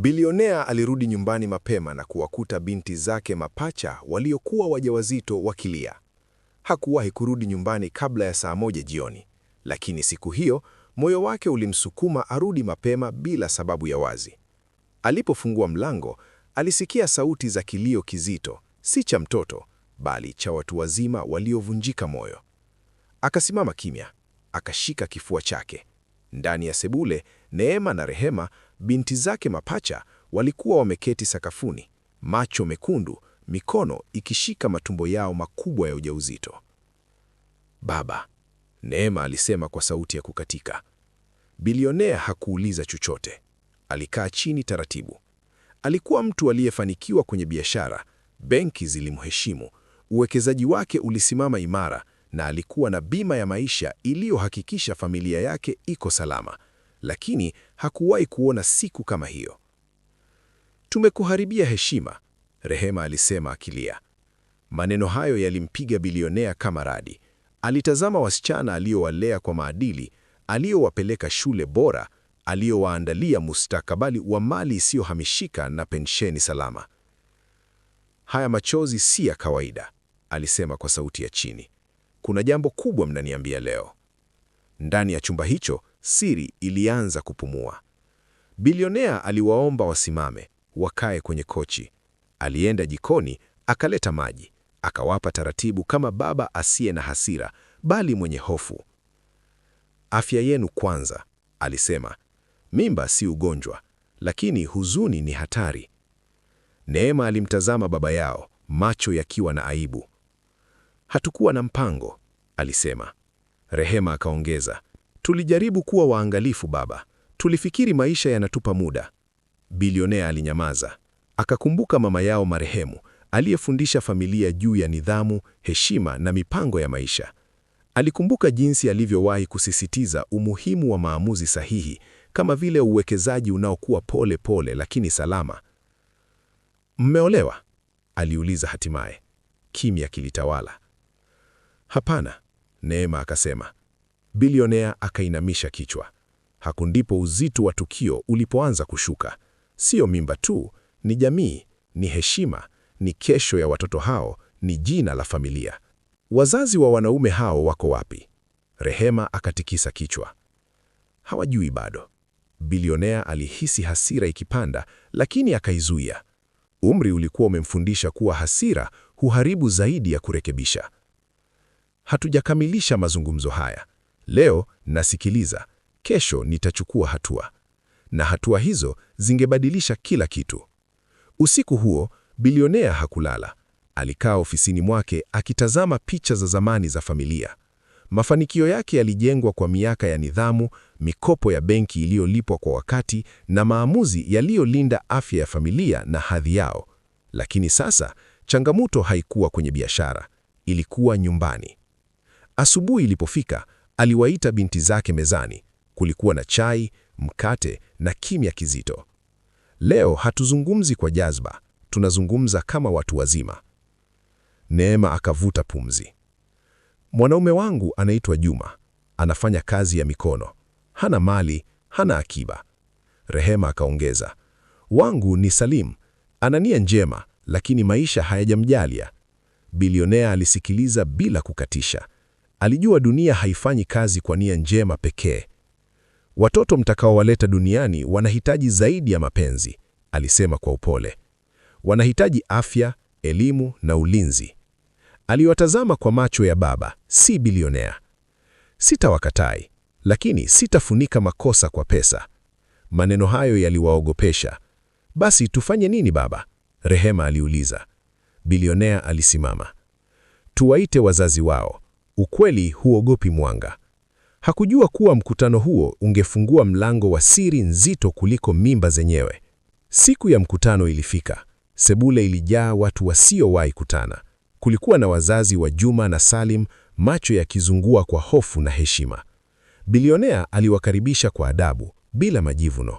Bilionea alirudi nyumbani mapema na kuwakuta binti zake mapacha waliokuwa wajawazito wakilia. Hakuwahi kurudi nyumbani kabla ya saa moja jioni, lakini siku hiyo moyo wake ulimsukuma arudi mapema bila sababu ya wazi. Alipofungua mlango, alisikia sauti za kilio kizito, si cha mtoto, bali cha watu wazima waliovunjika moyo. Akasimama kimya, akashika kifua chake. Ndani ya sebule, Neema na Rehema Binti zake mapacha walikuwa wameketi sakafuni, macho mekundu, mikono ikishika matumbo yao makubwa ya ujauzito. Baba, Neema alisema kwa sauti ya kukatika. Bilionea hakuuliza chochote, alikaa chini taratibu. Alikuwa mtu aliyefanikiwa kwenye biashara, benki zilimheshimu, uwekezaji wake ulisimama imara, na alikuwa na bima ya maisha iliyohakikisha familia yake iko salama. Lakini hakuwahi kuona siku kama hiyo. Tumekuharibia heshima, Rehema alisema akilia. Maneno hayo yalimpiga bilionea kama radi. Alitazama wasichana aliyowalea kwa maadili, aliyowapeleka shule bora, aliyowaandalia mustakabali wa mali isiyohamishika na pensheni salama. Haya machozi si ya kawaida, alisema kwa sauti ya chini. Kuna jambo kubwa mnaniambia leo. Ndani ya chumba hicho siri ilianza kupumua. Bilionea aliwaomba wasimame, wakae kwenye kochi. Alienda jikoni, akaleta maji, akawapa taratibu kama baba asiye na hasira, bali mwenye hofu. Afya yenu kwanza, alisema. Mimba si ugonjwa, lakini huzuni ni hatari. Neema alimtazama baba yao, macho yakiwa na aibu. Hatukuwa na mpango, alisema. Rehema akaongeza, Tulijaribu kuwa waangalifu baba, tulifikiri maisha yanatupa muda. Bilionea alinyamaza, akakumbuka mama yao marehemu aliyefundisha familia juu ya nidhamu, heshima na mipango ya maisha. Alikumbuka jinsi alivyowahi kusisitiza umuhimu wa maamuzi sahihi, kama vile uwekezaji unaokuwa pole pole lakini salama. Mmeolewa? aliuliza hatimaye. Kimya kilitawala. Hapana, Neema akasema, Bilionea akainamisha kichwa. Hapo ndipo uzito wa tukio ulipoanza kushuka. Sio mimba tu, ni jamii, ni heshima, ni kesho ya watoto hao, ni jina la familia. Wazazi wa wanaume hao wako wapi? Rehema akatikisa kichwa. Hawajui bado. Bilionea alihisi hasira ikipanda, lakini akaizuia. Umri ulikuwa umemfundisha kuwa hasira huharibu zaidi ya kurekebisha. Hatujakamilisha mazungumzo haya leo nasikiliza, kesho nitachukua hatua, na hatua hizo zingebadilisha kila kitu. Usiku huo bilionea hakulala. Alikaa ofisini mwake akitazama picha za zamani za familia. Mafanikio yake yalijengwa kwa miaka ya nidhamu, mikopo ya benki iliyolipwa kwa wakati na maamuzi yaliyolinda afya ya familia na hadhi yao. Lakini sasa changamoto haikuwa kwenye biashara, ilikuwa nyumbani. Asubuhi ilipofika, Aliwaita binti zake mezani. Kulikuwa na chai, mkate na kimya kizito. Leo hatuzungumzi kwa jazba, tunazungumza kama watu wazima. Neema akavuta pumzi. Mwanaume wangu anaitwa Juma, anafanya kazi ya mikono, hana mali, hana akiba. Rehema akaongeza, wangu ni Salim, ana nia njema, lakini maisha hayajamjalia. Bilionea alisikiliza bila kukatisha. Alijua dunia haifanyi kazi kwa nia njema pekee. Watoto mtakaowaleta duniani wanahitaji zaidi ya mapenzi, alisema kwa upole. Wanahitaji afya, elimu na ulinzi. Aliwatazama kwa macho ya baba, si bilionea. Sitawakatai, lakini sitafunika makosa kwa pesa. Maneno hayo yaliwaogopesha. Basi tufanye nini baba? Rehema aliuliza. Bilionea alisimama. Tuwaite wazazi wao. Ukweli huogopi mwanga. Hakujua kuwa mkutano huo ungefungua mlango wa siri nzito kuliko mimba zenyewe. Siku ya mkutano ilifika. Sebule ilijaa watu wasiowahi kutana. Kulikuwa na wazazi wa Juma na Salim, macho yakizungua kwa hofu na heshima. Bilionea aliwakaribisha kwa adabu, bila majivuno.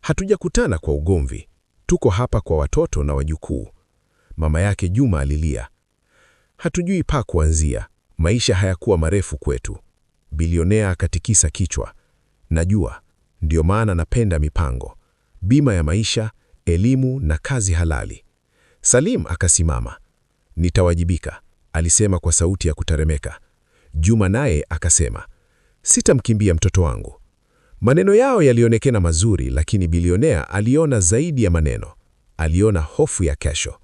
Hatujakutana kwa ugomvi, tuko hapa kwa watoto na wajukuu. Mama yake Juma alilia, hatujui pa kuanzia, Maisha hayakuwa marefu kwetu. Bilionea akatikisa kichwa. Najua, ndio maana napenda mipango, bima ya maisha, elimu na kazi halali. Salim akasimama. Nitawajibika, alisema kwa sauti ya kutaremeka Juma naye akasema, sitamkimbia mtoto wangu. Maneno yao yalionekana mazuri, lakini bilionea aliona zaidi ya maneno. Aliona hofu ya kesho.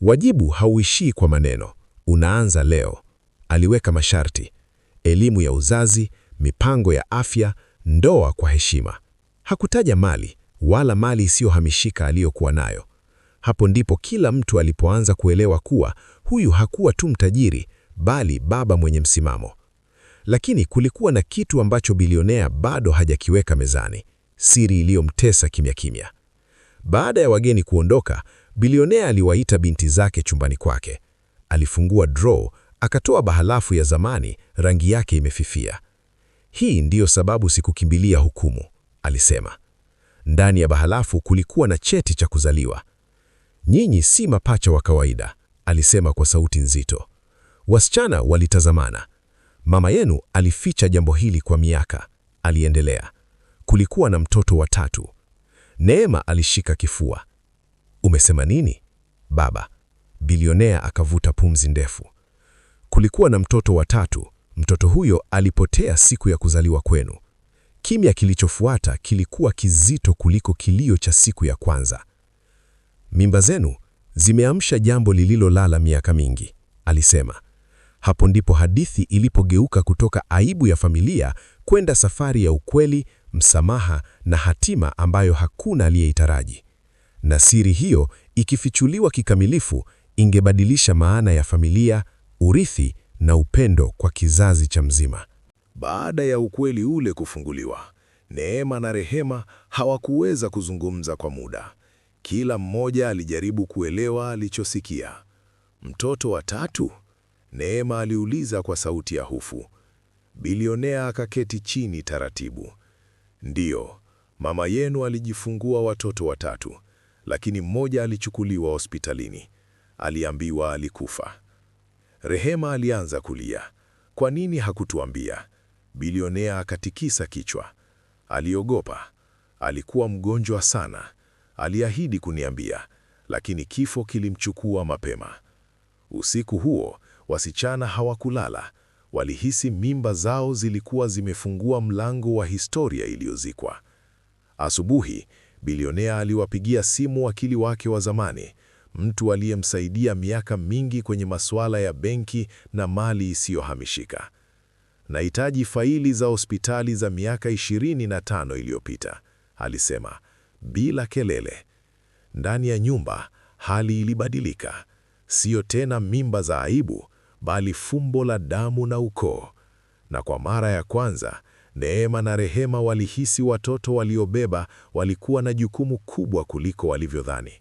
Wajibu hauishii kwa maneno, unaanza leo aliweka masharti: elimu ya uzazi, mipango ya afya, ndoa kwa heshima. Hakutaja mali wala mali isiyohamishika aliyokuwa nayo. Hapo ndipo kila mtu alipoanza kuelewa kuwa huyu hakuwa tu mtajiri, bali baba mwenye msimamo. Lakini kulikuwa na kitu ambacho bilionea bado hajakiweka mezani, siri iliyomtesa kimya kimya. Baada ya wageni kuondoka, bilionea aliwaita binti zake chumbani kwake. Alifungua draw Akatoa bahalafu ya zamani, rangi yake imefifia. Hii ndiyo sababu sikukimbilia hukumu, alisema. Ndani ya bahalafu kulikuwa na cheti cha kuzaliwa. Nyinyi si mapacha wa kawaida, alisema kwa sauti nzito. Wasichana walitazamana. Mama yenu alificha jambo hili kwa miaka, aliendelea. Kulikuwa na mtoto wa tatu. Neema alishika kifua. Umesema nini, baba? Bilionea akavuta pumzi ndefu kulikuwa na mtoto wa tatu. Mtoto huyo alipotea siku ya kuzaliwa kwenu. Kimya kilichofuata kilikuwa kizito kuliko kilio cha siku ya kwanza. Mimba zenu zimeamsha jambo lililolala miaka mingi, alisema. Hapo ndipo hadithi ilipogeuka kutoka aibu ya familia kwenda safari ya ukweli, msamaha na hatima ambayo hakuna aliyeitaraji. Na siri hiyo ikifichuliwa kikamilifu, ingebadilisha maana ya familia urithi na upendo kwa kizazi cha mzima. Baada ya ukweli ule kufunguliwa, Neema na Rehema hawakuweza kuzungumza kwa muda. Kila mmoja alijaribu kuelewa alichosikia. Mtoto wa tatu? Neema aliuliza kwa sauti ya hofu. Bilionea akaketi chini taratibu. Ndiyo, mama yenu alijifungua watoto watatu, lakini mmoja alichukuliwa hospitalini. Aliambiwa alikufa. Rehema alianza kulia. Kwa nini hakutuambia? Bilionea akatikisa kichwa. Aliogopa. Alikuwa mgonjwa sana. Aliahidi kuniambia, lakini kifo kilimchukua mapema. Usiku huo wasichana hawakulala. Walihisi mimba zao zilikuwa zimefungua mlango wa historia iliyozikwa. Asubuhi bilionea aliwapigia simu wakili wake wa zamani mtu aliyemsaidia miaka mingi kwenye masuala ya benki na mali isiyohamishika. Nahitaji faili za hospitali za miaka 25 iliyopita, alisema bila kelele. Ndani ya nyumba hali ilibadilika, siyo tena mimba za aibu, bali fumbo la damu na ukoo. Na kwa mara ya kwanza Neema na Rehema walihisi watoto waliobeba walikuwa na jukumu kubwa kuliko walivyodhani.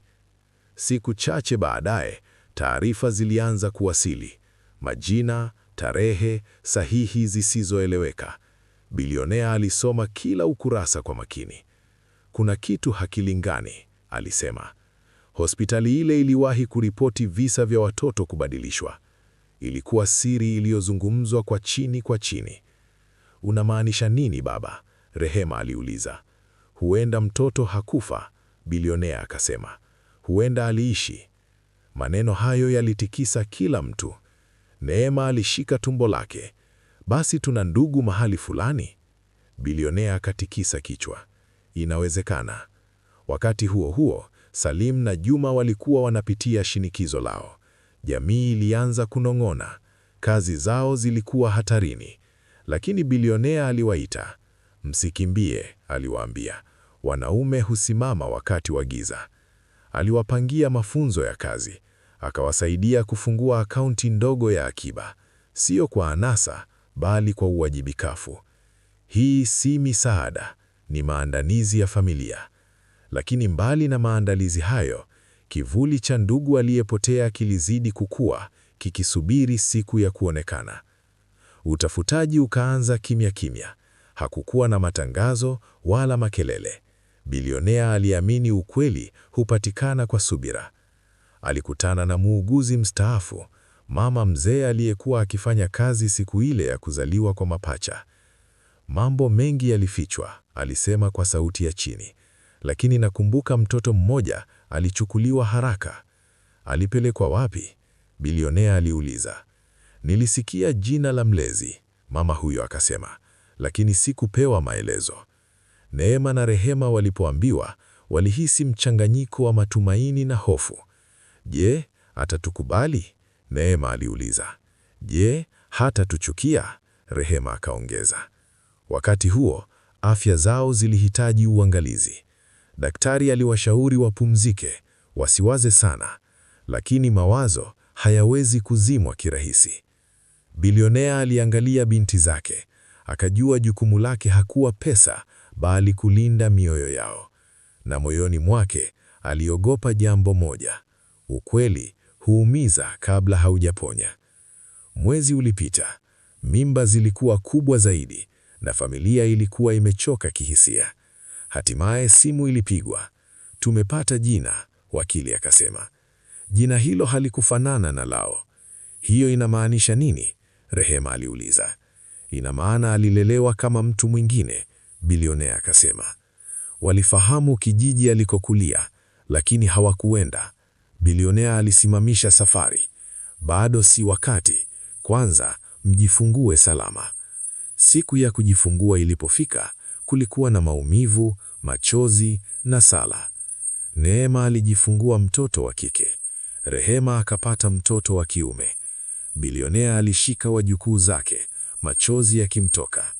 Siku chache baadaye, taarifa zilianza kuwasili: majina, tarehe, sahihi zisizoeleweka. Bilionea alisoma kila ukurasa kwa makini. Kuna kitu hakilingani, alisema. Hospitali ile iliwahi kuripoti visa vya watoto kubadilishwa. Ilikuwa siri iliyozungumzwa kwa chini kwa chini. Unamaanisha nini baba? Rehema aliuliza. Huenda mtoto hakufa, bilionea akasema huenda aliishi. Maneno hayo yalitikisa kila mtu. Neema alishika tumbo lake. Basi tuna ndugu mahali fulani? Bilionea akatikisa kichwa. Inawezekana. Wakati huo huo, Salim na Juma walikuwa wanapitia shinikizo lao. Jamii ilianza kunong'ona, kazi zao zilikuwa hatarini. Lakini bilionea aliwaita. Msikimbie, aliwaambia. Wanaume husimama wakati wa giza aliwapangia mafunzo ya kazi, akawasaidia kufungua akaunti ndogo ya akiba, sio kwa anasa, bali kwa uwajibikafu. Hii si misaada, ni maandalizi ya familia. Lakini mbali na maandalizi hayo, kivuli cha ndugu aliyepotea kilizidi kukua, kikisubiri siku ya kuonekana. Utafutaji ukaanza kimya kimya. Hakukuwa na matangazo wala makelele. Bilionea aliamini ukweli hupatikana kwa subira. Alikutana na muuguzi mstaafu, mama mzee aliyekuwa akifanya kazi siku ile ya kuzaliwa kwa mapacha. Mambo mengi yalifichwa, alisema kwa sauti ya chini, lakini nakumbuka mtoto mmoja alichukuliwa haraka. Alipelekwa wapi? Bilionea aliuliza. Nilisikia jina la mlezi, mama huyo akasema, lakini sikupewa maelezo. Neema na Rehema walipoambiwa, walihisi mchanganyiko wa matumaini na hofu. Je, atatukubali? Neema aliuliza. Je, hatatuchukia? Rehema akaongeza. Wakati huo, afya zao zilihitaji uangalizi. Daktari aliwashauri wapumzike, wasiwaze sana, lakini mawazo hayawezi kuzimwa kirahisi. Bilionea aliangalia binti zake, akajua jukumu lake hakuwa pesa, bali kulinda mioyo yao. Na moyoni mwake aliogopa jambo moja: ukweli huumiza kabla haujaponya. Mwezi ulipita, mimba zilikuwa kubwa zaidi na familia ilikuwa imechoka kihisia. Hatimaye simu ilipigwa. Tumepata jina, wakili akasema. Jina hilo halikufanana na lao. Hiyo inamaanisha nini? Rehema aliuliza. Ina maana alilelewa kama mtu mwingine, bilionea akasema. Walifahamu kijiji alikokulia, lakini hawakuenda. Bilionea alisimamisha safari. Bado si wakati, kwanza mjifungue salama. Siku ya kujifungua ilipofika, kulikuwa na maumivu, machozi na sala. Neema alijifungua mtoto wa kike, Rehema akapata mtoto wa kiume. Bilionea alishika wajukuu zake, machozi yakimtoka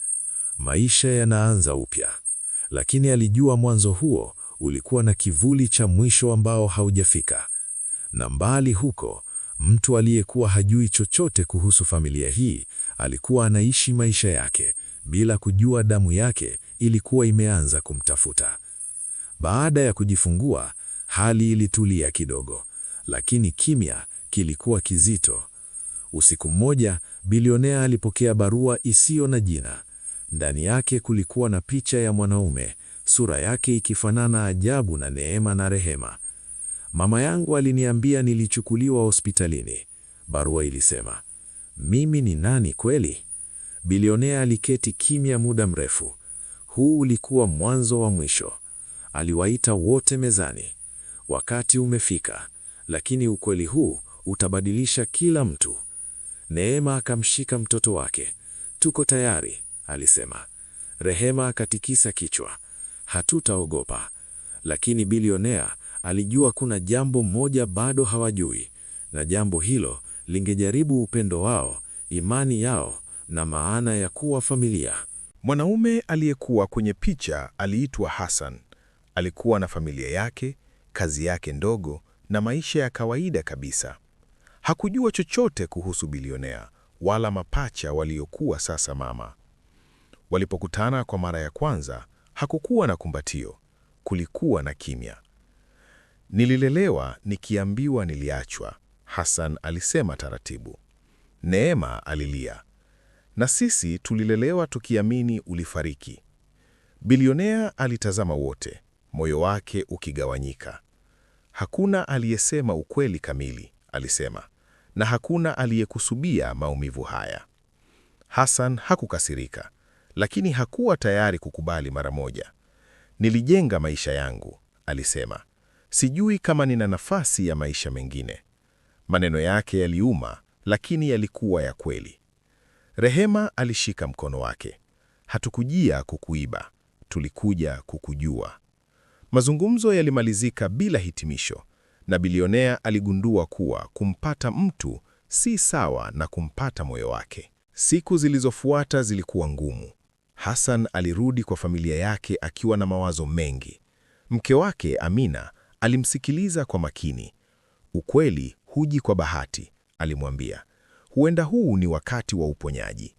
maisha yanaanza upya. Lakini alijua mwanzo huo ulikuwa na kivuli cha mwisho ambao haujafika, na mbali huko, mtu aliyekuwa hajui chochote kuhusu familia hii alikuwa anaishi maisha yake bila kujua damu yake ilikuwa imeanza kumtafuta. Baada ya kujifungua, hali ilitulia kidogo, lakini kimya kilikuwa kizito. Usiku mmoja, bilionea alipokea barua isiyo na jina. Ndani yake kulikuwa na picha ya mwanaume, sura yake ikifanana ajabu na Neema na Rehema. Mama yangu aliniambia nilichukuliwa hospitalini, barua ilisema. Mimi ni nani kweli? Bilionea aliketi kimya muda mrefu. Huu ulikuwa mwanzo wa mwisho. Aliwaita wote mezani. Wakati umefika, lakini ukweli huu utabadilisha kila mtu. Neema akamshika mtoto wake. Tuko tayari alisema. Rehema akatikisa kichwa. Hatutaogopa. Lakini bilionea alijua kuna jambo moja bado hawajui, na jambo hilo lingejaribu upendo wao, imani yao na maana ya kuwa familia. Mwanaume aliyekuwa kwenye picha aliitwa Hassan. Alikuwa na familia yake, kazi yake ndogo na maisha ya kawaida kabisa. Hakujua chochote kuhusu bilionea wala mapacha waliokuwa sasa mama. Walipokutana kwa mara ya kwanza, hakukuwa na kumbatio, kulikuwa na kimya. Nililelewa nikiambiwa niliachwa, Hassan alisema taratibu. Neema alilia. Na sisi tulilelewa tukiamini ulifariki. Bilionea alitazama wote, moyo wake ukigawanyika. Hakuna aliyesema ukweli kamili, alisema, na hakuna aliyekusubia maumivu haya. Hassan hakukasirika, lakini hakuwa tayari kukubali mara moja. Nilijenga maisha yangu, alisema. Sijui kama nina nafasi ya maisha mengine. Maneno yake yaliuma, lakini yalikuwa ya kweli. Rehema alishika mkono wake. Hatukujia kukuiba, tulikuja kukujua. Mazungumzo yalimalizika bila hitimisho, na bilionea aligundua kuwa kumpata mtu si sawa na kumpata moyo wake. Siku zilizofuata zilikuwa ngumu. Hassan alirudi kwa familia yake akiwa na mawazo mengi. Mke wake Amina alimsikiliza kwa makini. Ukweli huji kwa bahati, alimwambia. Huenda huu ni wakati wa uponyaji.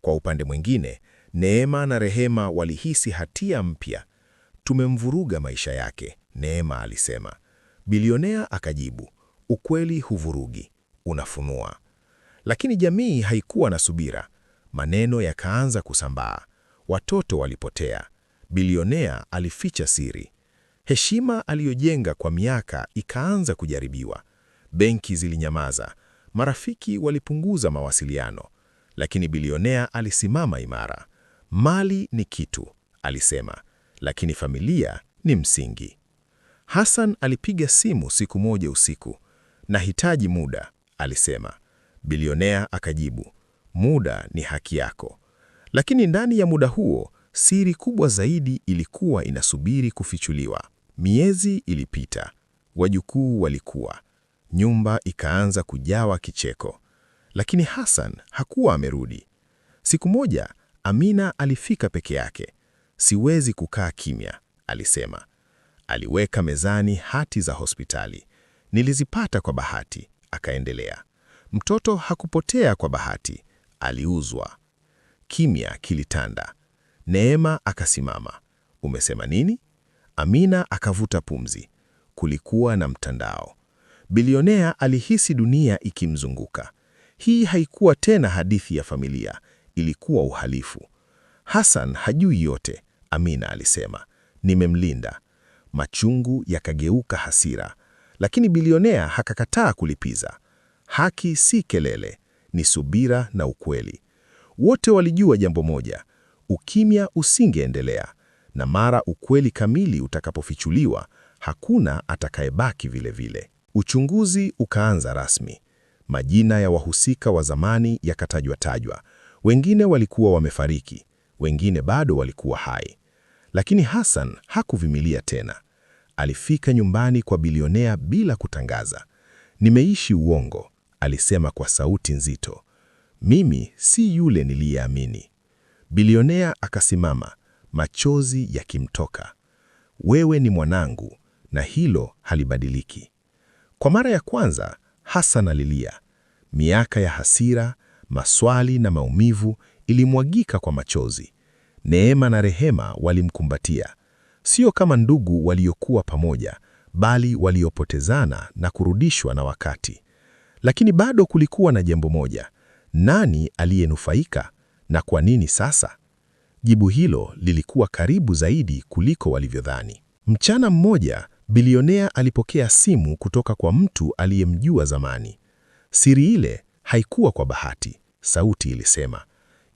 Kwa upande mwingine, Neema na Rehema walihisi hatia mpya. Tumemvuruga maisha yake, Neema alisema. Bilionea akajibu, ukweli huvurugi, unafunua. Lakini jamii haikuwa na subira. Maneno yakaanza kusambaa. Watoto walipotea, bilionea alificha siri, heshima aliyojenga kwa miaka ikaanza kujaribiwa, benki zilinyamaza, marafiki walipunguza mawasiliano, lakini bilionea alisimama imara. Mali ni kitu, alisema, lakini familia ni msingi. Hassan alipiga simu siku moja usiku. Nahitaji muda, alisema. Bilionea akajibu, muda ni haki yako. Lakini ndani ya muda huo, siri kubwa zaidi ilikuwa inasubiri kufichuliwa. Miezi ilipita, wajukuu walikuwa, nyumba ikaanza kujawa kicheko, lakini Hassan hakuwa amerudi. Siku moja Amina alifika peke yake. Siwezi kukaa kimya, alisema. Aliweka mezani hati za hospitali. Nilizipata kwa bahati, akaendelea. Mtoto hakupotea kwa bahati, aliuzwa. Kimya kilitanda. Neema akasimama. Umesema nini? Amina akavuta pumzi. Kulikuwa na mtandao. Bilionea alihisi dunia ikimzunguka. Hii haikuwa tena hadithi ya familia, ilikuwa uhalifu. Hassan hajui yote, Amina alisema. Nimemlinda. Machungu yakageuka hasira, lakini bilionea hakakataa kulipiza. Haki si kelele, ni subira na ukweli. Wote walijua jambo moja, ukimya usingeendelea, na mara ukweli kamili utakapofichuliwa, hakuna atakayebaki vile vile. Uchunguzi ukaanza rasmi. Majina ya wahusika wa zamani yakatajwa tajwa. Wengine walikuwa wamefariki, wengine bado walikuwa hai. Lakini Hassan hakuvimilia tena. Alifika nyumbani kwa bilionea bila kutangaza. Nimeishi uongo, alisema kwa sauti nzito. Mimi si yule niliyeamini. Bilionea akasimama, machozi yakimtoka. Wewe ni mwanangu na hilo halibadiliki. Kwa mara ya kwanza Hassan alilia. Miaka ya hasira, maswali na maumivu ilimwagika kwa machozi. Neema na rehema walimkumbatia, sio kama ndugu waliokuwa pamoja, bali waliopotezana na kurudishwa na wakati. Lakini bado kulikuwa na jambo moja, nani aliyenufaika na kwa nini sasa? Jibu hilo lilikuwa karibu zaidi kuliko walivyodhani. Mchana mmoja, bilionea alipokea simu kutoka kwa mtu aliyemjua zamani. Siri ile haikuwa kwa bahati, sauti ilisema.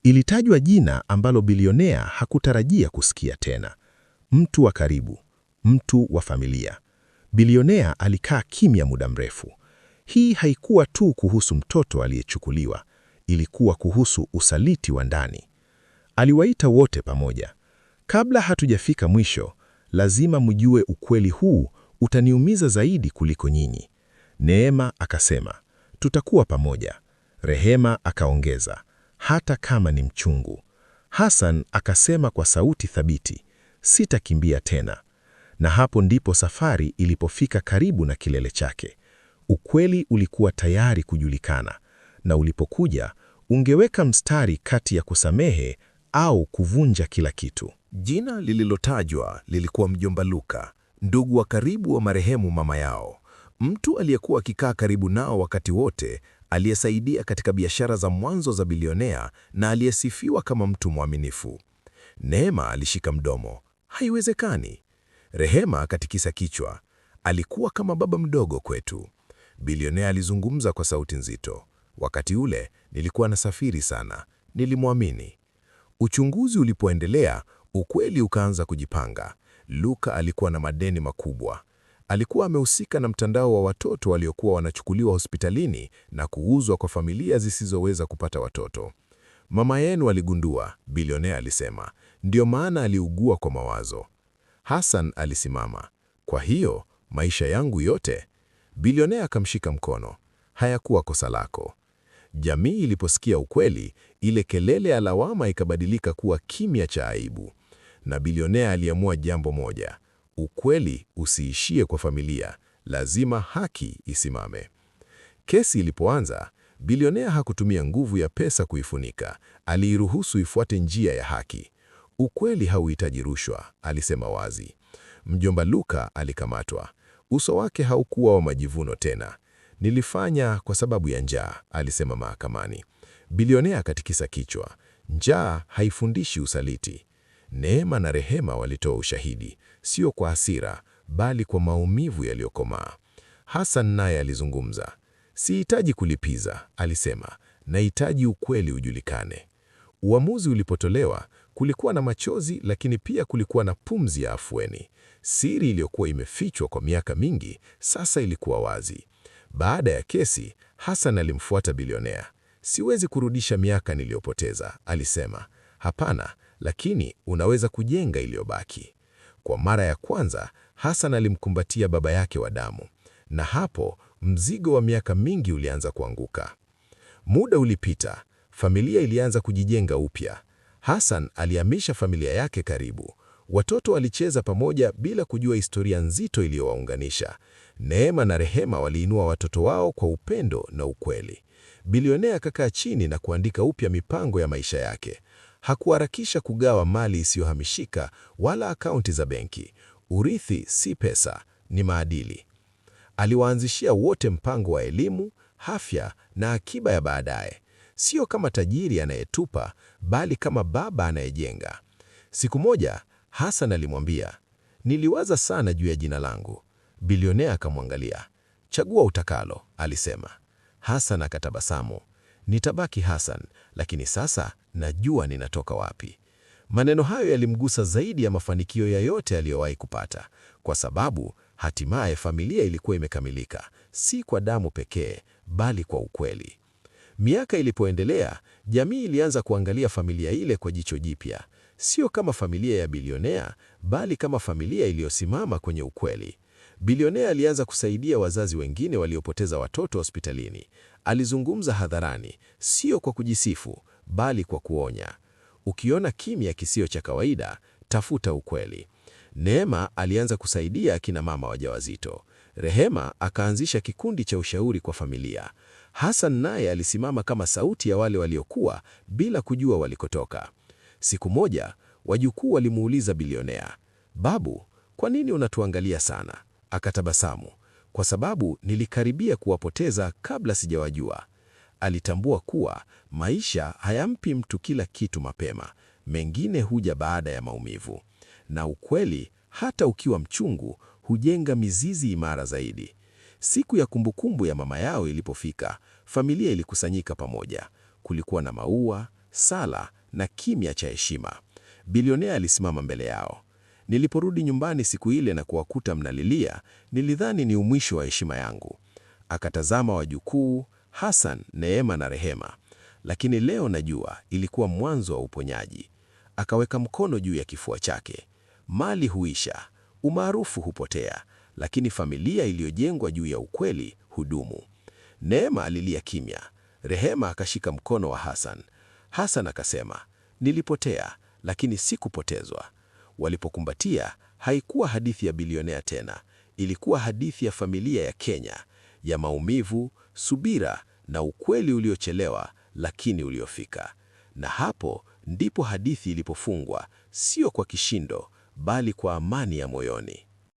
Ilitajwa jina ambalo bilionea hakutarajia kusikia tena. Mtu wa karibu, mtu wa familia. Bilionea alikaa kimya muda mrefu. Hii haikuwa tu kuhusu mtoto aliyechukuliwa, ilikuwa kuhusu usaliti wa ndani. Aliwaita wote pamoja. Kabla hatujafika mwisho, lazima mjue ukweli huu utaniumiza zaidi kuliko nyinyi. Neema akasema, tutakuwa pamoja. Rehema akaongeza, hata kama ni mchungu. Hassan akasema kwa sauti thabiti, sitakimbia tena. Na hapo ndipo safari ilipofika karibu na kilele chake. Ukweli ulikuwa tayari kujulikana, na ulipokuja Ungeweka mstari kati ya kusamehe au kuvunja kila kitu. Jina lililotajwa lilikuwa mjomba Luka, ndugu wa karibu wa marehemu mama yao, mtu aliyekuwa akikaa karibu nao wakati wote, aliyesaidia katika biashara za mwanzo za bilionea na aliyesifiwa kama mtu mwaminifu. Neema alishika mdomo. Haiwezekani. Rehema akatikisa kichwa. Alikuwa kama baba mdogo kwetu. Bilionea alizungumza kwa sauti nzito. Wakati ule nilikuwa nasafiri sana, nilimwamini. Uchunguzi ulipoendelea, ukweli ukaanza kujipanga. Luka alikuwa na madeni makubwa. Alikuwa amehusika na mtandao wa watoto waliokuwa wanachukuliwa hospitalini na kuuzwa kwa familia zisizoweza kupata watoto. Mama yenu aligundua, bilionea alisema. ndio maana aliugua kwa mawazo. Hassan alisimama. Kwa hiyo maisha yangu yote? Bilionea akamshika mkono. Hayakuwa kosa lako. Jamii iliposikia ukweli, ile kelele ya lawama ikabadilika kuwa kimya cha aibu, na bilionea aliamua jambo moja: ukweli usiishie kwa familia, lazima haki isimame. Kesi ilipoanza, bilionea hakutumia nguvu ya pesa kuifunika, aliiruhusu ifuate njia ya haki. Ukweli hauhitaji rushwa, alisema wazi. Mjomba Luka alikamatwa. Uso wake haukuwa wa majivuno tena, Nilifanya kwa sababu ya njaa, alisema mahakamani. Bilionea akatikisa kichwa. Njaa haifundishi usaliti. Neema na Rehema walitoa ushahidi, sio kwa hasira, bali kwa maumivu yaliyokomaa. Hassan naye alizungumza. Sihitaji kulipiza, alisema, nahitaji ukweli ujulikane. Uamuzi ulipotolewa kulikuwa na machozi, lakini pia kulikuwa na pumzi ya afueni. Siri iliyokuwa imefichwa kwa miaka mingi sasa ilikuwa wazi. Baada ya kesi, Hassan alimfuata bilionea. Siwezi kurudisha miaka niliyopoteza, alisema. Hapana, lakini unaweza kujenga iliyobaki. Kwa mara ya kwanza, Hassan alimkumbatia baba yake wa damu, na hapo mzigo wa miaka mingi ulianza kuanguka. Muda ulipita, familia ilianza kujijenga upya. Hassan alihamisha familia yake karibu, Watoto walicheza pamoja bila kujua historia nzito iliyowaunganisha. Neema na Rehema waliinua watoto wao kwa upendo na ukweli. Bilionea akakaa chini na kuandika upya mipango ya maisha yake. Hakuharakisha kugawa mali isiyohamishika wala akaunti za benki. Urithi si pesa, ni maadili. Aliwaanzishia wote mpango wa elimu, afya na akiba ya baadaye, sio kama tajiri anayetupa, bali kama baba anayejenga. Siku moja Hassan alimwambia, niliwaza sana juu ya jina langu. Bilionea akamwangalia. Chagua utakalo, alisema. Hassan akatabasamu. Nitabaki Hassan, lakini sasa najua ninatoka wapi. Maneno hayo yalimgusa zaidi ya mafanikio ya yote aliyowahi kupata, kwa sababu hatimaye familia ilikuwa imekamilika, si kwa damu pekee, bali kwa ukweli. Miaka ilipoendelea, jamii ilianza kuangalia familia ile kwa jicho jipya sio kama familia ya bilionea, bali kama familia iliyosimama kwenye ukweli. Bilionea alianza kusaidia wazazi wengine waliopoteza watoto hospitalini. Alizungumza hadharani, sio kwa kujisifu, bali kwa kuonya. Ukiona kimya kisio cha kawaida, tafuta ukweli. Neema alianza kusaidia akina mama wajawazito. Rehema akaanzisha kikundi cha ushauri kwa familia. Hassan naye alisimama kama sauti ya wale waliokuwa bila kujua walikotoka. Siku moja wajukuu walimuuliza bilionea, babu, kwa nini unatuangalia sana? Akatabasamu, kwa sababu nilikaribia kuwapoteza kabla sijawajua. Alitambua kuwa maisha hayampi mtu kila kitu mapema, mengine huja baada ya maumivu, na ukweli, hata ukiwa mchungu, hujenga mizizi imara zaidi. Siku ya kumbukumbu ya mama yao ilipofika, familia ilikusanyika pamoja. Kulikuwa na maua, sala na kimya cha heshima. Bilionea alisimama mbele yao. Niliporudi nyumbani siku ile na kuwakuta mnalilia, nilidhani ni umwisho wa heshima yangu. Akatazama wajukuu Hassan, Neema na Rehema, lakini leo najua ilikuwa mwanzo wa uponyaji. Akaweka mkono juu ya kifua chake. Mali huisha, umaarufu hupotea, lakini familia iliyojengwa juu ya ukweli hudumu. Neema alilia kimya, Rehema akashika mkono wa Hassan, Hassan akasema, nilipotea, lakini sikupotezwa. Walipokumbatia, haikuwa hadithi ya bilionea tena, ilikuwa hadithi ya familia ya Kenya, ya maumivu, subira na ukweli uliochelewa lakini uliofika. Na hapo ndipo hadithi ilipofungwa, sio kwa kishindo, bali kwa amani ya moyoni.